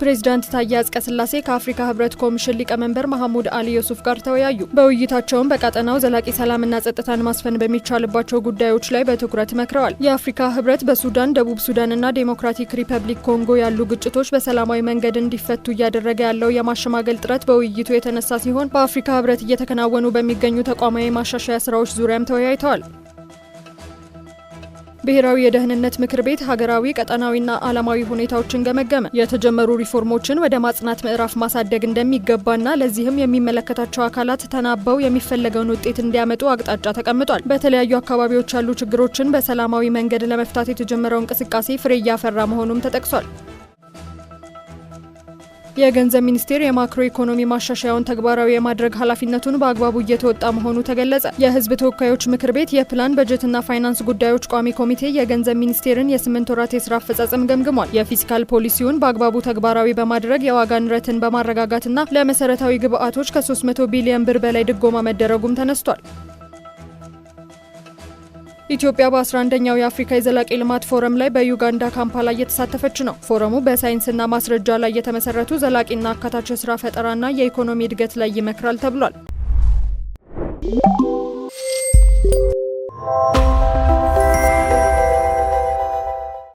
ፕሬዚዳንት ታዬ አጽቀሥላሴ ከአፍሪካ ህብረት ኮሚሽን ሊቀመንበር መሐሙድ አሊ ዮሱፍ ጋር ተወያዩ። በውይይታቸውም በቀጠናው ዘላቂ ሰላምና ጸጥታን ማስፈን በሚቻልባቸው ጉዳዮች ላይ በትኩረት መክረዋል። የአፍሪካ ህብረት በሱዳን፣ ደቡብ ሱዳንና ዴሞክራቲክ ሪፐብሊክ ኮንጎ ያሉ ግጭቶች በሰላማዊ መንገድ እንዲፈቱ እያደረገ ያለው የማሸማገል ጥረት በውይይቱ የተነሳ ሲሆን በአፍሪካ ህብረት እየተከናወኑ በሚገኙ ተቋማዊ ማሻሻያ ስራዎች ዙሪያም ተወያይተዋል። ብሔራዊ የደህንነት ምክር ቤት ሀገራዊ ቀጠናዊና ዓላማዊ ሁኔታዎችን ገመገመ። የተጀመሩ ሪፎርሞችን ወደ ማጽናት ምዕራፍ ማሳደግ እንደሚገባና ለዚህም የሚመለከታቸው አካላት ተናበው የሚፈለገውን ውጤት እንዲያመጡ አቅጣጫ ተቀምጧል። በተለያዩ አካባቢዎች ያሉ ችግሮችን በሰላማዊ መንገድ ለመፍታት የተጀመረው እንቅስቃሴ ፍሬ እያፈራ መሆኑም ተጠቅሷል። የገንዘብ ሚኒስቴር የማክሮ ኢኮኖሚ ማሻሻያውን ተግባራዊ የማድረግ ኃላፊነቱን በአግባቡ እየተወጣ መሆኑ ተገለጸ። የህዝብ ተወካዮች ምክር ቤት የፕላን በጀትና ፋይናንስ ጉዳዮች ቋሚ ኮሚቴ የገንዘብ ሚኒስቴርን የስምንት ወራት የስራ አፈጻጸም ገምግሟል። የፊስካል ፖሊሲውን በአግባቡ ተግባራዊ በማድረግ የዋጋ ንረትን በማረጋጋትና ለመሰረታዊ ግብአቶች ከ300 ቢሊዮን ብር በላይ ድጎማ መደረጉም ተነስቷል። ኢትዮጵያ በ11ኛው የአፍሪካ የዘላቂ ልማት ፎረም ላይ በዩጋንዳ ካምፓላ እየተሳተፈች ነው። ፎረሙ በሳይንስና ማስረጃ ላይ የተመሰረቱ ዘላቂና አካታች የስራ ፈጠራና የኢኮኖሚ እድገት ላይ ይመክራል ተብሏል።